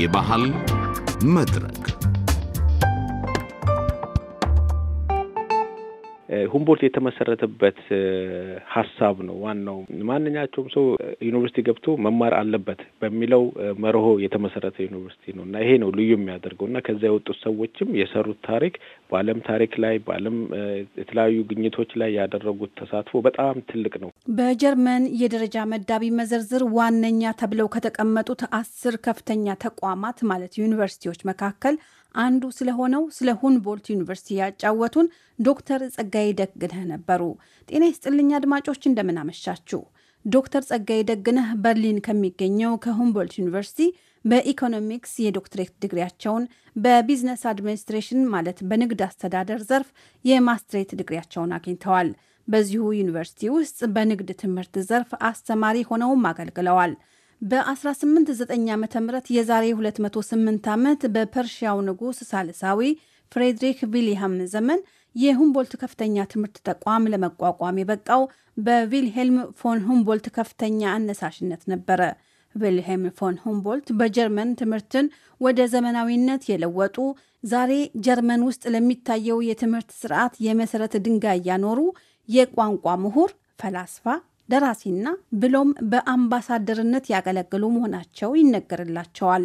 የባህል መድረክ ሁምቦልት የተመሰረተበት ሀሳብ ነው ዋናው። ማንኛቸውም ሰው ዩኒቨርሲቲ ገብቶ መማር አለበት በሚለው መርሆ የተመሰረተ ዩኒቨርሲቲ ነው እና ይሄ ነው ልዩ የሚያደርገው እና ከዚያ የወጡት ሰዎችም የሰሩት ታሪክ በዓለም ታሪክ ላይ በዓለም የተለያዩ ግኝቶች ላይ ያደረጉት ተሳትፎ በጣም ትልቅ ነው። በጀርመን የደረጃ መዳቢ መዘርዝር ዋነኛ ተብለው ከተቀመጡት አስር ከፍተኛ ተቋማት ማለት ዩኒቨርሲቲዎች መካከል አንዱ ስለሆነው ስለ ሁንቦልት ዩኒቨርሲቲ ያጫወቱን ዶክተር ጸጋዬ ደግነህ ነበሩ። ጤና ይስጥልኝ አድማጮች፣ እንደምናመሻችሁ። ዶክተር ጸጋዬ ደግነህ በርሊን ከሚገኘው ከሁምቦልት ዩኒቨርሲቲ በኢኮኖሚክስ የዶክትሬት ድግሪያቸውን በቢዝነስ አድሚኒስትሬሽን ማለት በንግድ አስተዳደር ዘርፍ የማስትሬት ድግሪያቸውን አግኝተዋል። በዚሁ ዩኒቨርሲቲ ውስጥ በንግድ ትምህርት ዘርፍ አስተማሪ ሆነውም አገልግለዋል። በ1899 ዓ ም የዛሬ 208 ዓመት በፐርሺያው ንጉሥ ሳልሳዊ ፍሬድሪክ ቪልሃም ዘመን የሁምቦልት ከፍተኛ ትምህርት ተቋም ለመቋቋም የበቃው በቪልሄልም ፎን ሁምቦልት ከፍተኛ አነሳሽነት ነበረ። ቪልሄልም ፎን ሁምቦልት በጀርመን ትምህርትን ወደ ዘመናዊነት የለወጡ ዛሬ ጀርመን ውስጥ ለሚታየው የትምህርት ስርዓት የመሰረት ድንጋይ ያኖሩ የቋንቋ ምሁር፣ ፈላስፋ፣ ደራሲና ብሎም በአምባሳደርነት ያገለገሉ መሆናቸው ይነገርላቸዋል።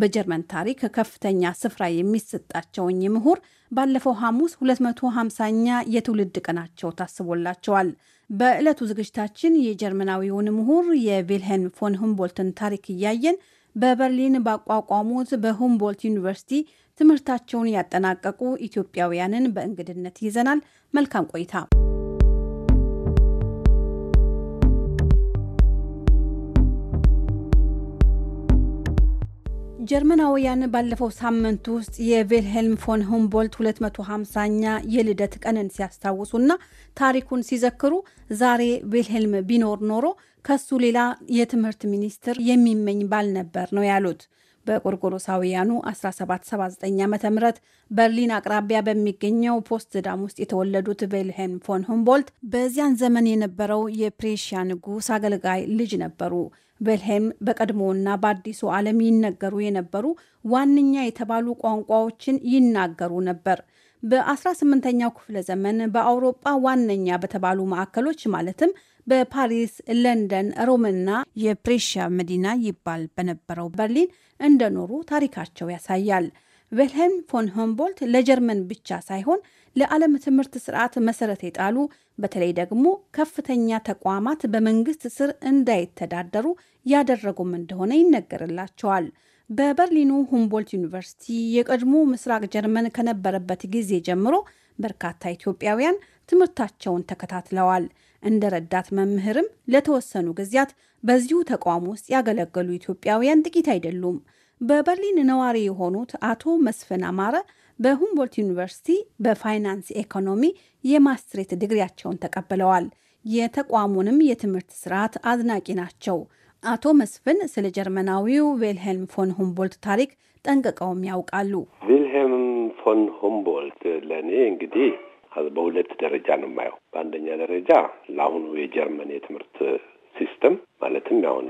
በጀርመን ታሪክ ከፍተኛ ስፍራ የሚሰጣቸው ምሁር ባለፈው ሐሙስ 250ኛ የትውልድ ቀናቸው ታስቦላቸዋል። በዕለቱ ዝግጅታችን የጀርመናዊውን ምሁር የቪልሄልም ፎን ሁምቦልትን ታሪክ እያየን በበርሊን ባቋቋሙት በሁምቦልት ዩኒቨርሲቲ ትምህርታቸውን ያጠናቀቁ ኢትዮጵያውያንን በእንግድነት ይዘናል። መልካም ቆይታ። ጀርመናውያን ባለፈው ሳምንት ውስጥ የቬልሄልም ፎን ሁምቦልት 250ኛ የልደት ቀንን ሲያስታውሱና ታሪኩን ሲዘክሩ ዛሬ ቬልሄልም ቢኖር ኖሮ ከሱ ሌላ የትምህርት ሚኒስትር የሚመኝ ባልነበር ነው ያሉት። በቆርቆሮሳውያኑ 1779 ዓ ም በርሊን አቅራቢያ በሚገኘው ፖስትዳም ውስጥ የተወለዱት ቪልሄልም ፎን ሁምቦልት በዚያን ዘመን የነበረው የፕሬሽያ ንጉሥ አገልጋይ ልጅ ነበሩ። በልሄም በቀድሞና በአዲሱ ዓለም ይነገሩ የነበሩ ዋነኛ የተባሉ ቋንቋዎችን ይናገሩ ነበር። በ18ኛው ክፍለ ዘመን በአውሮጳ ዋነኛ በተባሉ ማዕከሎች ማለትም በፓሪስ፣ ለንደን፣ ሮምና የፕሬሽያ መዲና ይባል በነበረው በርሊን እንደኖሩ ታሪካቸው ያሳያል። ቬልሄም ፎን ሆምቦልት ለጀርመን ብቻ ሳይሆን ለዓለም ትምህርት ስርዓት መሰረት የጣሉ በተለይ ደግሞ ከፍተኛ ተቋማት በመንግስት ስር እንዳይተዳደሩ ያደረጉም እንደሆነ ይነገርላቸዋል። በበርሊኑ ሁምቦልት ዩኒቨርሲቲ የቀድሞ ምስራቅ ጀርመን ከነበረበት ጊዜ ጀምሮ በርካታ ኢትዮጵያውያን ትምህርታቸውን ተከታትለዋል። እንደ ረዳት መምህርም ለተወሰኑ ጊዜያት በዚሁ ተቋም ውስጥ ያገለገሉ ኢትዮጵያውያን ጥቂት አይደሉም። በበርሊን ነዋሪ የሆኑት አቶ መስፍን አማረ በሁምቦልት ዩኒቨርሲቲ በፋይናንስ ኢኮኖሚ የማስትሬት ድግሪያቸውን ተቀብለዋል። የተቋሙንም የትምህርት ስርዓት አድናቂ ናቸው። አቶ መስፍን ስለ ጀርመናዊው ቬልሄልም ፎን ሁምቦልት ታሪክ ጠንቅቀውም ያውቃሉ። ቪልሄልም ፎን ሁምቦልት ለእኔ እንግዲህ በሁለት ደረጃ ነው የማየው። በአንደኛ ደረጃ ለአሁኑ የጀርመን የትምህርት ሲስተም ማለትም አሁን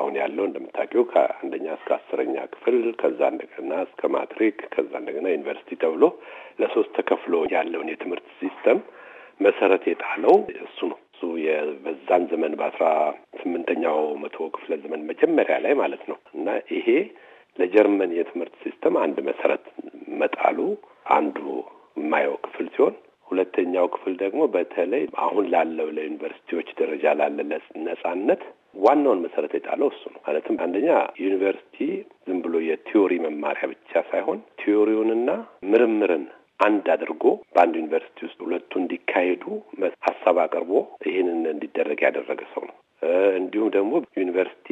አሁን ያለው እንደምታውቂው ከአንደኛ እስከ አስረኛ ክፍል ከዛ እንደገና እስከ ማትሪክ ከዛ እንደገና ዩኒቨርሲቲ ተብሎ ለሶስት ተከፍሎ ያለውን የትምህርት ሲስተም መሰረት የጣለው እሱ ነው። እሱ የበዛን ዘመን በአስራ ስምንተኛው መቶ ክፍለ ዘመን መጀመሪያ ላይ ማለት ነው እና ይሄ ለጀርመን የትምህርት ሲስተም አንድ መሰረት መጣሉ አንዱ የማየው ክፍል ሲሆን ሁለተኛው ክፍል ደግሞ በተለይ አሁን ላለው ለዩኒቨርሲቲዎች ደረጃ ላለ ነጻነት ዋናውን መሰረት የጣለው እሱ ነው። ማለትም አንደኛ ዩኒቨርሲቲ ዝም ብሎ የቲዮሪ መማሪያ ብቻ ሳይሆን ቲዮሪውንና ምርምርን አንድ አድርጎ በአንድ ዩኒቨርሲቲ ውስጥ ሁለቱ እንዲካሄዱ ሀሳብ አቅርቦ ይህንን እንዲደረግ ያደረገ ሰው ነው። እንዲሁም ደግሞ ዩኒቨርሲቲ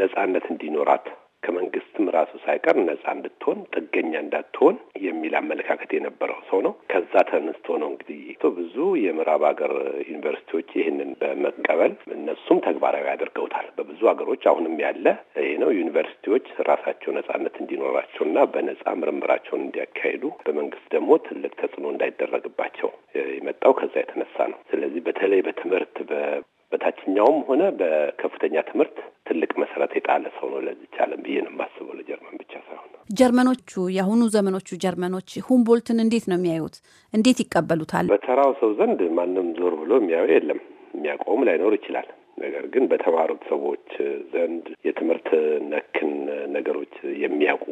ነጻነት እንዲኖራት ከመንግስትም ራሱ ሳይቀር ነጻ እንድትሆን ጥገኛ እንዳትሆን የሚል አመለካከት የነበረው ሰው ነው። ከዛ ተነስቶ ነው እንግዲህ ብዙ የምዕራብ ሀገር ዩኒቨርሲቲዎች ይህንን በመቀበል እነሱም ተግባራዊ አድርገውታል። በብዙ ሀገሮች አሁንም ያለ ይህ ነው። ዩኒቨርሲቲዎች ራሳቸው ነጻነት እንዲኖራቸውና በነጻ ምርምራቸውን እንዲያካሂዱ በመንግስት ደግሞ ትልቅ ተጽዕኖ እንዳይደረግባቸው የመጣው ከዛ የተነሳ ነው። ስለዚህ በተለይ በትምህርት በታችኛውም ሆነ በከፍተኛ ትምህርት ትልቅ መሰረት የጣለ ሰው ነው ለዚች ዓለም ብዬ ነው የማስበው። ለጀርመን ብቻ ሳይሆን ጀርመኖቹ የአሁኑ ዘመኖቹ ጀርመኖች ሁምቦልትን እንዴት ነው የሚያዩት? እንዴት ይቀበሉታል? በተራው ሰው ዘንድ ማንም ዞር ብሎ የሚያዩ የለም። የሚያውቀውም ላይኖር ይችላል። ነገር ግን በተማሩት ሰዎች ዘንድ የትምህርት ነክን ነገሮች የሚያውቁ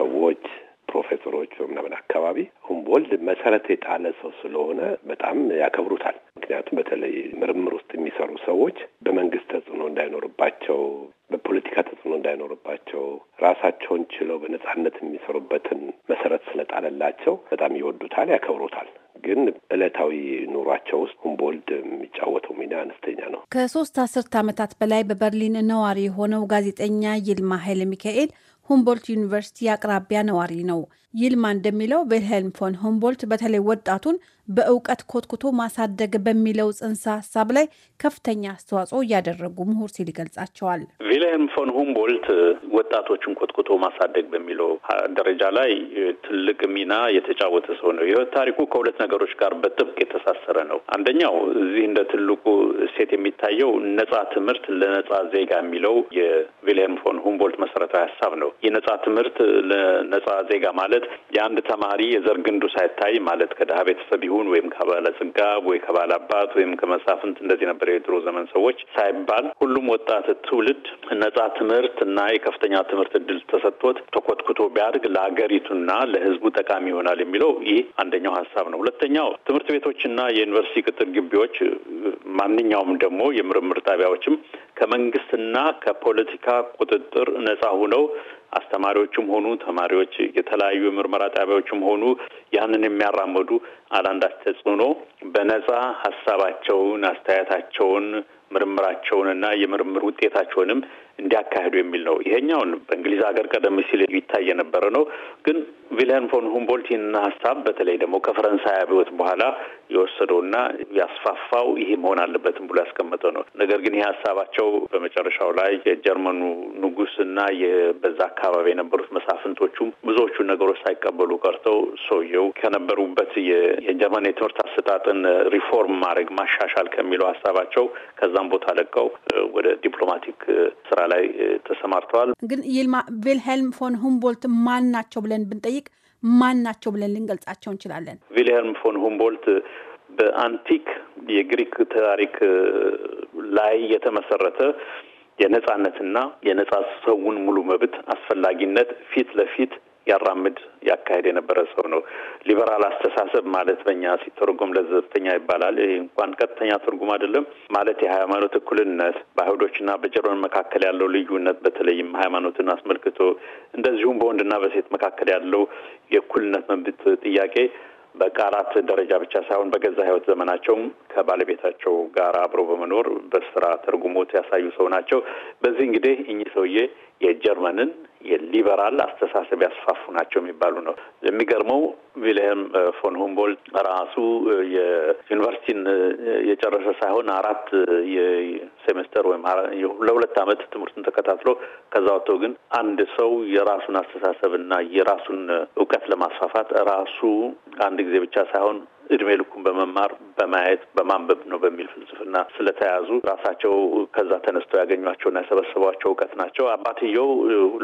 ሰዎች ፕሮፌሰሮች ምናምን አካባቢ ሁምቦልድ መሰረት የጣለ ሰው ስለሆነ በጣም ያከብሩታል። ምክንያቱም በተለይ ምርምር ውስጥ የሚሰሩ ሰዎች በመንግስት ተጽዕኖ እንዳይኖርባቸው፣ በፖለቲካ ተጽዕኖ እንዳይኖርባቸው ራሳቸውን ችለው በነጻነት የሚሰሩበትን መሰረት ስለጣለላቸው በጣም ይወዱታል፣ ያከብሩታል። ግን ዕለታዊ ኑሯቸው ውስጥ ሁምቦልድ የሚጫወተው ሚና አነስተኛ ነው። ከሶስት አስርት ዓመታት በላይ በበርሊን ነዋሪ የሆነው ጋዜጠኛ ይልማ ኃይለ ሚካኤል ሁምቦልት ዩኒቨርሲቲ አቅራቢያ ነዋሪ ነው። ይልማ እንደሚለው ቪልሄልም ፎን ሆምቦልት በተለይ ወጣቱን በእውቀት ኮትኩቶ ማሳደግ በሚለው ጽንሰ ሀሳብ ላይ ከፍተኛ አስተዋጽኦ እያደረጉ ምሁር ሲል ይገልጻቸዋል። ቪልሄልም ፎን ሆምቦልት ወጣቶችን ኮትኩቶ ማሳደግ በሚለው ደረጃ ላይ ትልቅ ሚና የተጫወተ ሰው ነው። ይህ ታሪኩ ከሁለት ነገሮች ጋር በጥብቅ የተሳሰረ ነው። አንደኛው እዚህ እንደ ትልቁ እሴት የሚታየው ነጻ ትምህርት ለነጻ ዜጋ የሚለው የቪልሄልም ፎን ሆምቦልት መሰረታዊ ሀሳብ ነው። የነጻ ትምህርት ለነጻ ዜጋ ማለት ማለት የአንድ ተማሪ የዘር ግንዱ ሳይታይ ማለት ከድሀ ቤተሰብ ይሁን ወይም ከባለጸጋ ወይ ከባለ አባት ወይም ከመሳፍንት እንደዚህ ነበር የድሮ ዘመን ሰዎች ሳይባል ሁሉም ወጣት ትውልድ ነጻ ትምህርት እና የከፍተኛ ትምህርት እድል ተሰጥቶት ተኮትኩቶ ቢያድግ ለሀገሪቱና ለህዝቡ ጠቃሚ ይሆናል የሚለው ይህ አንደኛው ሀሳብ ነው። ሁለተኛው ትምህርት ቤቶችና የዩኒቨርሲቲ ቅጥር ግቢዎች ማንኛውም ደግሞ የምርምር ጣቢያዎችም ከመንግስትና ከፖለቲካ ቁጥጥር ነጻ ሆነው አስተማሪዎችም ሆኑ ተማሪዎች የተለያዩ ምርመራ ጣቢያዎችም ሆኑ ያንን የሚያራመዱ አላንዳች ተጽዕኖ በነጻ ሀሳባቸውን፣ አስተያየታቸውን፣ ምርምራቸውንና የምርምር ውጤታቸውንም እንዲያካሄዱ የሚል ነው። ይሄኛውን በእንግሊዝ ሀገር ቀደም ሲል ይታይ የነበረ ነው። ግን ቪልሄን ፎን ሁምቦልት ይህንን ሀሳብ በተለይ ደግሞ ከፈረንሳይ አብዮት በኋላ የወሰደውና ያስፋፋው ይሄ መሆን አለበትም ብሎ ያስቀመጠ ነው። ነገር ግን ይሄ ሀሳባቸው በመጨረሻው ላይ የጀርመኑ እና በዛ አካባቢ የነበሩት መሳፍንቶቹም ብዙዎቹ ነገሮች ሳይቀበሉ ቀርተው ሰውየው ከነበሩበት የጀርመን የትምህርት አሰጣጥን ሪፎርም ማድረግ ማሻሻል ከሚለው ሀሳባቸው ከዛም ቦታ ለቀው ወደ ዲፕሎማቲክ ስራ ላይ ተሰማርተዋል። ግን ይልማ ቪልሄልም ፎን ሁምቦልት ማን ናቸው ብለን ብንጠይቅ ማን ናቸው ብለን ልንገልጻቸው እንችላለን? ቪልሄልም ፎን ሁምቦልት በአንቲክ የግሪክ ታሪክ ላይ የተመሰረተ የነጻነትና የነጻ ሰውን ሙሉ መብት አስፈላጊነት ፊት ለፊት ያራምድ ያካሄድ የነበረ ሰው ነው። ሊበራል አስተሳሰብ ማለት በእኛ ሲተርጎም ለዘብተኛ ይባላል። ይህ እንኳን ቀጥተኛ ትርጉም አይደለም ማለት የሃይማኖት እኩልነት በአይሁዶችና በጀርመን መካከል ያለው ልዩነት፣ በተለይም ሃይማኖትን አስመልክቶ እንደዚሁም በወንድና በሴት መካከል ያለው የእኩልነት መብት ጥያቄ በቃላት ደረጃ ብቻ ሳይሆን በገዛ ህይወት ዘመናቸውም ከባለቤታቸው ጋር አብረው በመኖር በስራ ተርጉሞት ያሳዩ ሰው ናቸው። በዚህ እንግዲህ እኚህ ሰውዬ የጀርመንን የሊበራል አስተሳሰብ ያስፋፉ ናቸው የሚባሉ ነው። የሚገርመው ቪልሄም ፎን ሁምቦልት ራሱ የዩኒቨርሲቲን የጨረሰ ሳይሆን አራት የሴሜስተር ወይም ለሁለት ዓመት ትምህርቱን ተከታትሎ ከዛ ወጥቶ ግን አንድ ሰው የራሱን አስተሳሰብ እና የራሱን እውቀት ለማስፋፋት ራሱ አንድ ጊዜ ብቻ ሳይሆን እድሜ ልኩን በመማር በማየት በማንበብ ነው በሚል ፍልስፍና ስለተያዙ ራሳቸው ከዛ ተነስተው ያገኟቸውና ያሰበሰቧቸው እውቀት ናቸው። አባትየው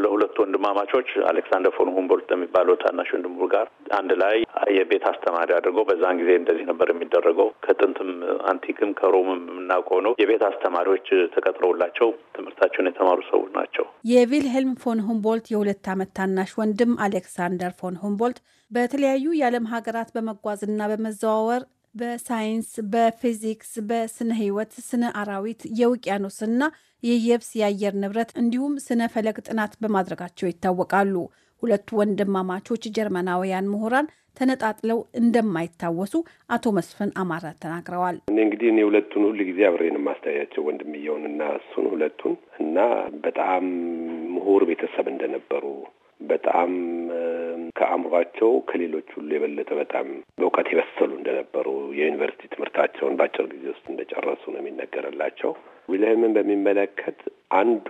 ለሁለቱ ወንድማማቾች አሌክሳንደር ፎን ሁምቦልት የሚባለው ታናሽ ወንድሙ ጋር አንድ ላይ የቤት አስተማሪ አድርገው በዛን ጊዜ እንደዚህ ነበር የሚደረገው። ከጥንትም አንቲክም ከሮምም የምናውቀው ነው። የቤት አስተማሪዎች ተቀጥረውላቸው ትምህርታቸውን የተማሩ ሰዎች ናቸው። የቪልሄልም ፎን ሁምቦልት የሁለት ዓመት ታናሽ ወንድም አሌክሳንደር ፎን ሁምቦልት በተለያዩ የዓለም ሀገራት በመጓዝና በመዘዋወር በሳይንስ፣ በፊዚክስ፣ በስነ ህይወት ስነ አራዊት፣ የውቅያኖስና የየብስ የአየር ንብረት እንዲሁም ስነ ፈለግ ጥናት በማድረጋቸው ይታወቃሉ። ሁለቱ ወንድማማቾች ጀርመናውያን ምሁራን ተነጣጥለው እንደማይታወሱ አቶ መስፍን አማረ ተናግረዋል። እኔ እንግዲህ እኔ ሁለቱን ሁል ጊዜ አብሬን የማስተያያቸው ወንድምየውን እና እሱን ሁለቱን እና በጣም ምሁር ቤተሰብ እንደነበሩ በጣም ከአእምሯቸው ከሌሎች ሁሉ የበለጠ በጣም በእውቀት የበሰሉ እንደነበሩ የዩኒቨርሲቲ ትምህርታቸውን በአጭር ጊዜ ውስጥ እንደጨረሱ ነው የሚነገርላቸው። ዊልሄምን በሚመለከት አንዱ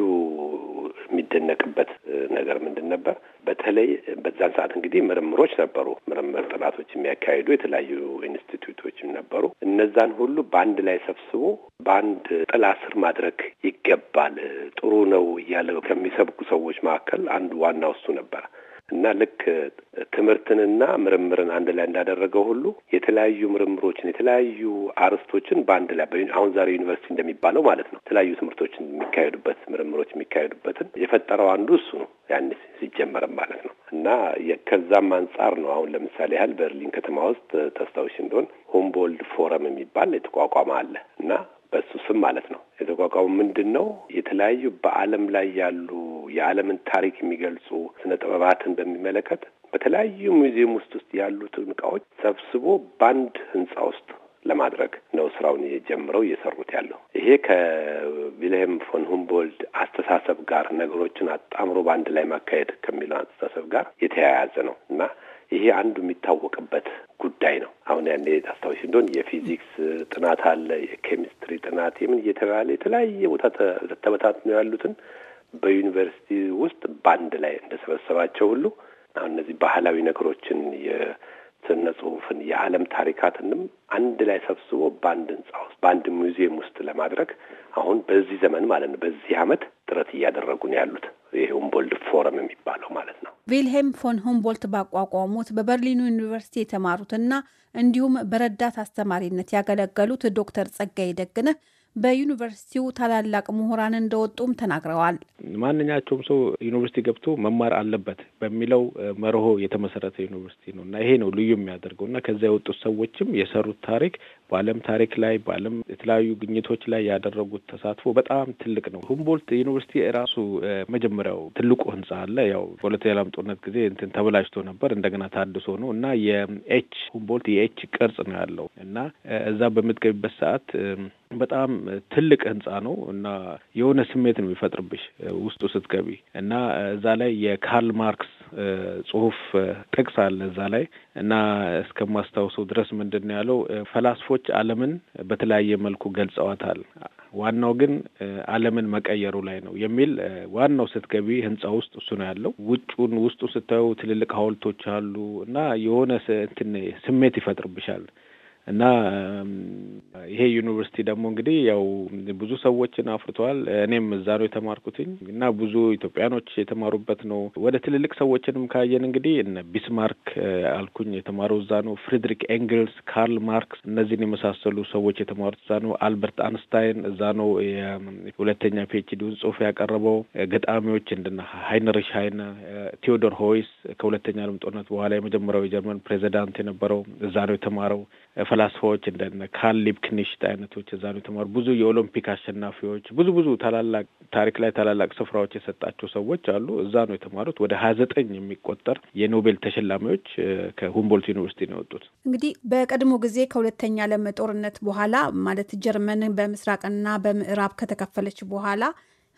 የሚደነቅበት ነገር ምንድን ነበር? በተለይ በዛን ሰዓት እንግዲህ ምርምሮች ነበሩ። ምርምር ጥናቶች የሚያካሂዱ የተለያዩ ኢንስቲትዩቶችም ነበሩ። እነዛን ሁሉ በአንድ ላይ ሰብስቦ በአንድ ጥላ ስር ማድረግ ይገባል፣ ጥሩ ነው እያለ ከሚሰብኩ ሰዎች መካከል አንዱ ዋና እሱ ነበር። እና ልክ ትምህርትንና ምርምርን አንድ ላይ እንዳደረገው ሁሉ የተለያዩ ምርምሮችን የተለያዩ አርስቶችን በአንድ ላይ አሁን ዛሬ ዩኒቨርሲቲ እንደሚባለው ማለት ነው የተለያዩ ትምህርቶች የሚካሄዱበት ምርምሮች የሚካሄዱበትን የፈጠረው አንዱ እሱ ነው ያን ሲጀመርም ማለት ነው እና ከዛም አንጻር ነው አሁን ለምሳሌ ያህል በርሊን ከተማ ውስጥ ተስታዎች እንደሆን ሆምቦልድ ፎረም የሚባል የተቋቋመ አለ እና በሱ ስም ማለት ነው የተቋቋሙ ምንድን ነው የተለያዩ በዓለም ላይ ያሉ የዓለምን ታሪክ የሚገልጹ ስነ ጥበባትን በሚመለከት በተለያዩ ሙዚየም ውስጥ ውስጥ ያሉትን እቃዎች ሰብስቦ በአንድ ህንፃ ውስጥ ለማድረግ ነው ስራውን የጀምረው እየሰሩት ያለው። ይሄ ከቪልሄም ፎን ሁምቦልድ አስተሳሰብ ጋር ነገሮችን አጣምሮ በአንድ ላይ ማካሄድ ከሚለው አስተሳሰብ ጋር የተያያዘ ነው እና ይሄ አንዱ የሚታወቅበት ጉዳይ ነው። አሁን ያኔ አስታዋሽ እንደሆን የፊዚክስ ጥናት አለ፣ የኬሚስትሪ ጥናት የምን እየተባለ የተለያየ ቦታ ተበታትነው ያሉትን በዩኒቨርሲቲ ውስጥ በአንድ ላይ እንደሰበሰባቸው ሁሉ አሁን እነዚህ ባህላዊ ነገሮችን የስነ ጽሁፍን የዓለም ታሪካትንም አንድ ላይ ሰብስቦ በአንድ ህንጻ ውስጥ በአንድ ሙዚየም ውስጥ ለማድረግ አሁን በዚህ ዘመን ማለት ነው በዚህ አመት ጥረት እያደረጉ ነው ያሉት። ይሄ ሁምቦልድ ፎረም የሚባለው ማለት ነው። ቪልሄም ፎን ሁምቦልት ባቋቋሙት በበርሊኑ ዩኒቨርሲቲ የተማሩትና እንዲሁም በረዳት አስተማሪነት ያገለገሉት ዶክተር ጸጋይ ደግነህ በዩኒቨርሲቲው ታላላቅ ምሁራን እንደወጡም ተናግረዋል። ማንኛቸውም ሰው ዩኒቨርሲቲ ገብቶ መማር አለበት በሚለው መርሆ የተመሰረተ ዩኒቨርሲቲ ነው እና ይሄ ነው ልዩ የሚያደርገው እና ከዚያ የወጡት ሰዎችም የሰሩት ታሪክ በዓለም ታሪክ ላይ በዓለም የተለያዩ ግኝቶች ላይ ያደረጉት ተሳትፎ በጣም ትልቅ ነው። ሁምቦልት ዩኒቨርሲቲ ራሱ መጀመሪያው ትልቁ ህንጻ አለ። ያው ፖለቲካ ዓለም ጦርነት ጊዜ እንትን ተበላሽቶ ነበር እንደገና ታድሶ ነው እና የኤች ሁምቦልት የኤች ቅርጽ ነው ያለው እና እዛ በምትገቢበት ሰዓት በጣም ትልቅ ህንፃ ነው እና የሆነ ስሜት ነው የሚፈጥርብሽ ውስጡ ስትገቢ እና እዛ ላይ የካርል ማርክስ ጽሁፍ ጥቅስ አለ እዛ ላይ እና እስከማስታውሰው ድረስ ምንድን ነው ያለው ፈላስፎች አለምን በተለያየ መልኩ ገልጸዋታል። ዋናው ግን አለምን መቀየሩ ላይ ነው የሚል ዋናው ስትገቢ ህንፃ ውስጥ እሱ ነው ያለው። ውጩን ውስጡ ስታዩ ትልልቅ ሀውልቶች አሉ እና የሆነ እንትን ስሜት ይፈጥርብሻል። እና ይሄ ዩኒቨርሲቲ ደግሞ እንግዲህ ያው ብዙ ሰዎችን አፍርተዋል። እኔም እዛ ነው የተማርኩትኝ እና ብዙ ኢትዮጵያኖች የተማሩበት ነው። ወደ ትልልቅ ሰዎችንም ካየን እንግዲህ እነ ቢስማርክ አልኩኝ የተማረው እዛ ነው። ፍሬድሪክ ኤንግልስ፣ ካርል ማርክስ እነዚህን የመሳሰሉ ሰዎች የተማሩት እዛ ነው። አልበርት አንስታይን እዛ ነው የሁለተኛ ፒኤችዲውን ጽሁፍ ያቀረበው። ገጣሚዎች እንደነ ሃይነሪሽ ሃይነ፣ ቴዎዶር ሆይስ ከሁለተኛ ዓለም ጦርነት በኋላ የመጀመሪያው የጀርመን ፕሬዚዳንት የነበረው እዛ ነው የተማረው። ፈላስፋዎች እንደ ካል ሊብክኒሽት አይነቶች እዛ ነው የተማሩ። ብዙ የኦሎምፒክ አሸናፊዎች፣ ብዙ ብዙ ታላላቅ ታሪክ ላይ ታላላቅ ስፍራዎች የሰጣቸው ሰዎች አሉ። እዛ ነው የተማሩት። ወደ ሀያ ዘጠኝ የሚቆጠር የኖቤል ተሸላሚዎች ከሁምቦልት ዩኒቨርሲቲ ነው የወጡት። እንግዲህ በቀድሞ ጊዜ ከሁለተኛ ዓለም ጦርነት በኋላ ማለት ጀርመን በምስራቅና በምዕራብ ከተከፈለች በኋላ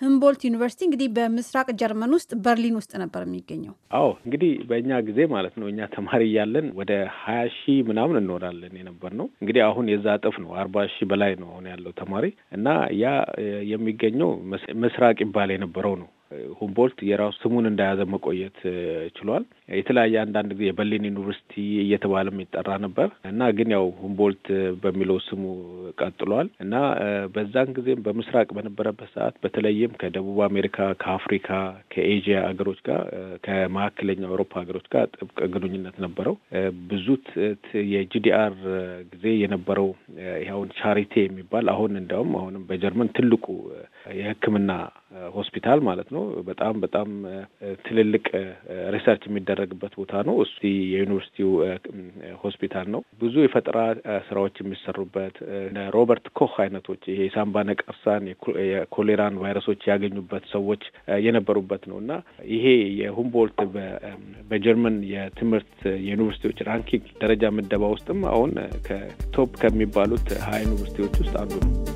ህምቦልት ዩኒቨርሲቲ እንግዲህ በምስራቅ ጀርመን ውስጥ በርሊን ውስጥ ነበር የሚገኘው። አዎ እንግዲህ በእኛ ጊዜ ማለት ነው እኛ ተማሪ እያለን ወደ ሀያ ሺህ ምናምን እንሆናለን የነበር ነው። እንግዲህ አሁን የዛ እጥፍ ነው፣ አርባ ሺህ በላይ ነው አሁን ያለው ተማሪ እና ያ የሚገኘው ምስራቅ ይባል የነበረው ነው ሁምቦልት የራሱ ስሙን እንደያዘ መቆየት ችሏል። የተለያየ አንዳንድ ጊዜ የበርሊን ዩኒቨርሲቲ እየተባለም ይጠራ ነበር እና ግን ያው ሁምቦልት በሚለው ስሙ ቀጥሏል እና በዛን ጊዜም በምስራቅ በነበረበት ሰዓት በተለይም ከደቡብ አሜሪካ፣ ከአፍሪካ፣ ከኤዥያ ሀገሮች ጋር ከመካከለኛው አውሮፓ ሀገሮች ጋር ጥብቅ ግንኙነት ነበረው። ብዙ የጂዲአር ጊዜ የነበረው ይኸውን ቻሪቴ የሚባል አሁን እንዲያውም አሁንም በጀርመን ትልቁ የሕክምና ሆስፒታል ማለት ነው። በጣም በጣም ትልልቅ ሪሰርች የሚደረግበት ቦታ ነው። እሱ የዩኒቨርሲቲው ሆስፒታል ነው። ብዙ የፈጠራ ስራዎች የሚሰሩበት ሮበርት ኮህ አይነቶች ይሄ የሳምባ ነቀርሳን የኮሌራን ቫይረሶች ያገኙበት ሰዎች የነበሩበት ነው እና ይሄ የሁምቦልት በጀርመን የትምህርት የዩኒቨርሲቲዎች ራንኪንግ ደረጃ ምደባ ውስጥም አሁን ከቶፕ ከሚባሉት ሀያ ዩኒቨርሲቲዎች ውስጥ አንዱ ነው።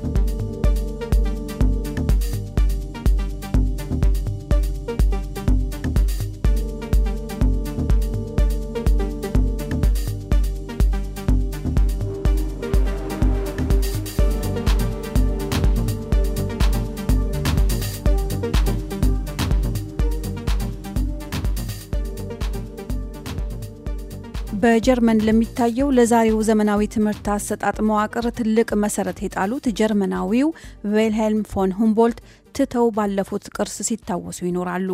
በጀርመን ለሚታየው ለዛሬው ዘመናዊ ትምህርት አሰጣጥ መዋቅር ትልቅ መሰረት የጣሉት ጀርመናዊው ቬልሄልም ፎን ሁምቦልት ትተው ባለፉት ቅርስ ሲታወሱ ይኖራሉ።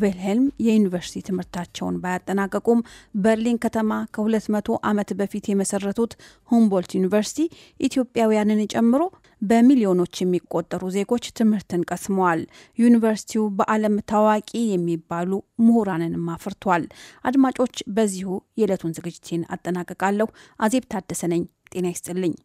ቬልሄልም የዩኒቨርሲቲ ትምህርታቸውን ባያጠናቀቁም በርሊን ከተማ ከ200 ዓመት በፊት የመሰረቱት ሁምቦልት ዩኒቨርሲቲ ኢትዮጵያውያንን ጨምሮ በሚሊዮኖች የሚቆጠሩ ዜጎች ትምህርትን ቀስመዋል። ዩኒቨርሲቲው በዓለም ታዋቂ የሚባሉ ምሁራንንም አፍርቷል። አድማጮች፣ በዚሁ የዕለቱን ዝግጅቴን አጠናቅቃለሁ። አዜብ ታደሰ ነኝ። ጤና ይስጥልኝ።